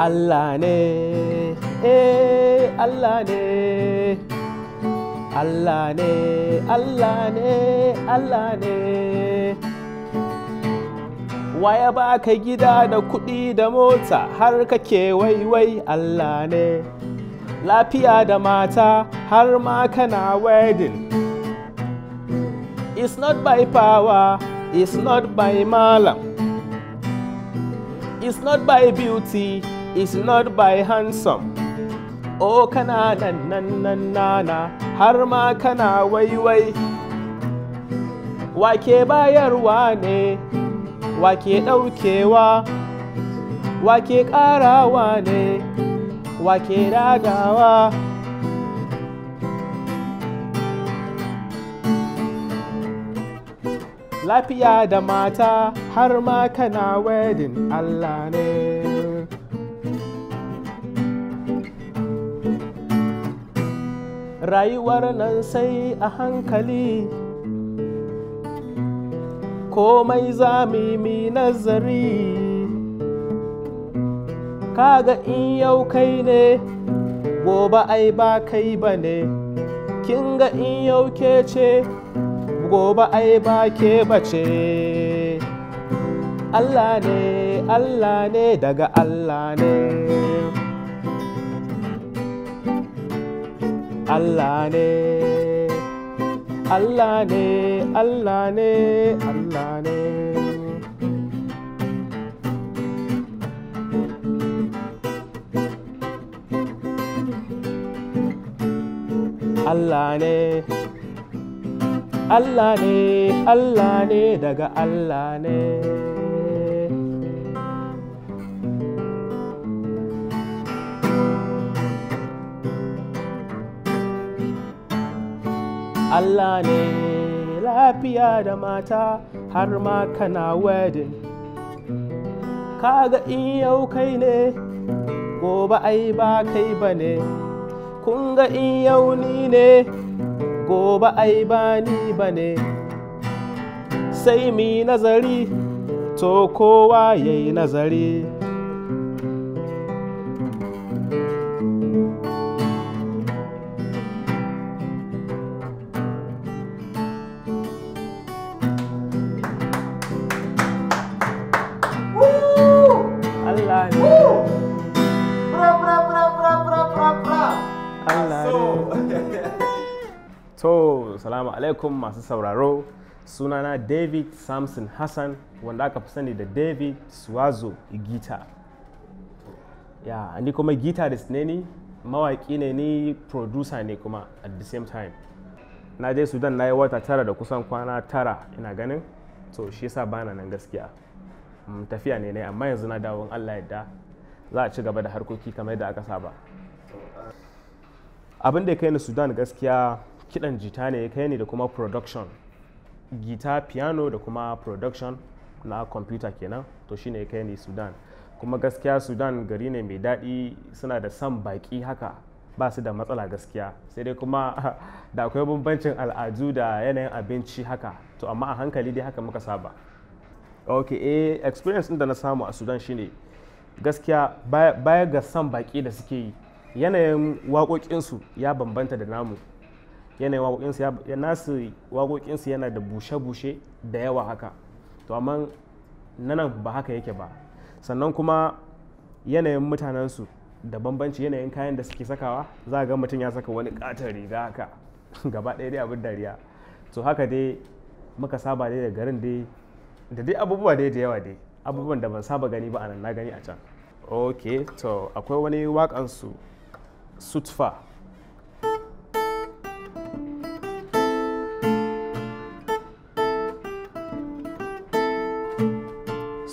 Allah ne eh Allah ne Allah ne Allah ne Allah ne waya ba ka gida da kuɗi da mota har kake waiwai Allah ne lafiya da mata har ma kana wedding it's not by power it's not by malam it's not by beauty is not by handsome oh kana nan nan nan nana har ma kana waiwai wake bayarwa ne wake ɗaukewa wake ƙarawa ne wake ragawa lafiya da mata har ma kana wedding allah ne rayuwar nan sai a hankali komai za mi nazari kaga in yau kai ne gobe ai ba kai ba ne kin ga in yau ke ce gobe ai ba ke ba ce Allah ne Allah ne daga Allah ne அல்லானே அல்லானே அல்லானே அல்லானே அல்லானே அல்லானே அல்லானே தக அல்லானே Allah ne lafiya da mata har ma kana wedding kaga in yau kai ne gobe ai ba kai ba ne kun ga in yau ni ne gobe ai ba ni ba ne sai mi nazari to kowa yayi yi nazari To, salamu alaikum masu sauraro. Sunana David Samson Hassan wanda aka fi sani da David Suwazo Gita. Ya, ni kuma guitarist ne ni, mawaƙi ne ni, producer ne kuma at the same time. Na je Sudan na yi wata tara da kusan kwana tara ina ganin, to shi yasa bana nan gaskiya. Mm, tafiya ne ne amma yanzu na dawo Allah yadda za a ci gaba da harkoki kamar yadda aka saba abin da ya kai ni sudan gaskiya kiɗan jita ne ya kai ni da kuma production gita piano da kuma production na computer kenan to shine ya kai ni sudan kuma gaskiya sudan gari ne mai daɗi suna da san baki haka ba su da matsala gaskiya sai dai kuma da akwai bambancin al'adu da yanayin abinci haka to amma a hankali dai haka muka saba ok eh experience ɗin da na samu a sudan shine gaskiya baya ga san baki da suke yi yanayin waƙoƙinsu ya bambanta da namu yanayin waƙoƙinsu ya nasu yana da bushe-bushe da yawa haka to amma nan ba haka yake ba sannan kuma yanayin mutanensu da bambanci yanayin kayan da suke sakawa za a ga mutum ya saka wani ƙaton riga haka gaba ɗaya dai abin dariya to haka dai muka saba dai da garin dai da dai abubuwa dai da yawa dai abubuwan da ban saba gani ba a nan na gani a can ok to akwai wani waƙansu sutfa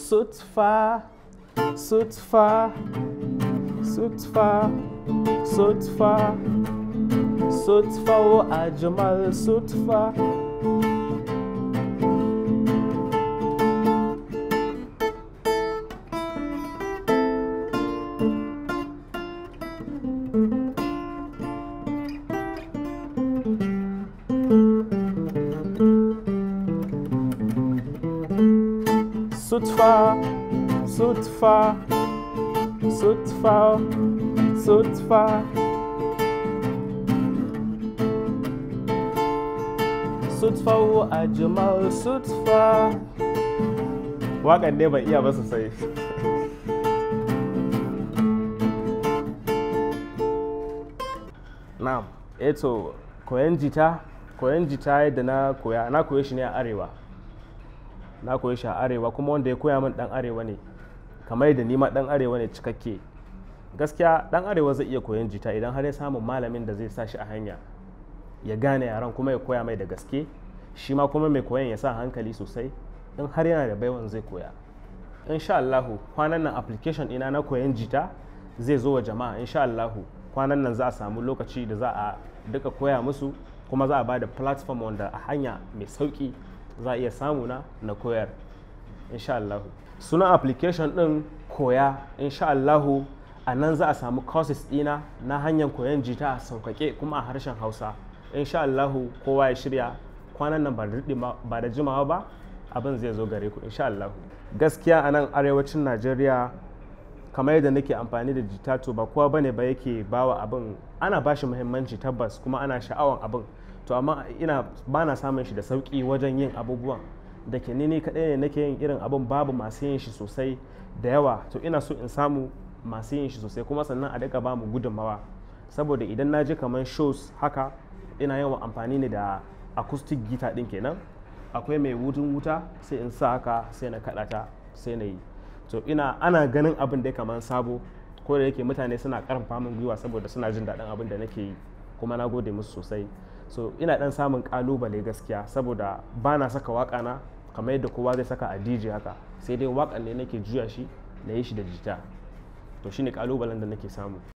Sutfa, Sutfa, Sutfa, Sutfa, Sutfa, Oh, Ajamal Sutfa. Sutfa, Sutfa, Sutfa, Sutfa. Sutfa wo ajmal sutfa Waƙan ne ban iya ba sosai. Na'am, eto eh koyan jita, koyan jita yadda na koya, na koye shi ne a arewa. na koyi shi a arewa kuma wanda ya koya min dan arewa ne kamar da nima dan arewa ne cikakke gaskiya dan arewa zai iya koyon jita idan har ya samu malamin da zai sa shi a hanya ya gane yaran kuma ya koya mai da gaske shi ma kuma mai koyon ya sa hankali sosai in har yana da baiwan zai koya insha Allahu kwanan nan application ina na koyon jita zai zo wa jama'a insha Allahu kwanan nan za a samu lokaci da za a duka koya musu kuma za a ba da platform wanda a hanya mai sauki za a iya samu na na koyar insha Allah sunan application din koya insha Allah a nan za a samu courses dina na hanyar koyon jita a sauƙaƙe kuma a harshen Hausa insha Allah kowa ya shirya kwanan nan ba da jimawa ba abin zai zo gare ku insha Allah gaskiya a nan arewacin Najeriya kamar yadda nake amfani da jita to ba kowa bane ba yake bawa abin ana bashi muhimmanci tabbas kuma ana sha'awan abin to amma ina ba na samun shi da sauki wajen yin abubuwan da ke ni kaɗai ne nake yin irin abin babu masu yin shi sosai da yawa to ina so in samu masu yin shi sosai kuma sannan a daga ba gudunmawa saboda idan na je kamar shows haka ina yawan amfani ne da acoustic guitar din kenan akwai mai wutun wuta sai in sa haka sai na kaɗa ta sai na yi to ina ana ganin abin da kamar sabo ko da yake mutane suna karfafa min gwiwa saboda suna jin daɗin abin da nake yi kuma na gode musu sosai so ina dan samun kalubale gaskiya saboda ba na saka waka na kamar yadda kowa zai saka a DJ haka sai dai wakan ne nake juya shi na yi shi da jita to shine kalubalen da nake samu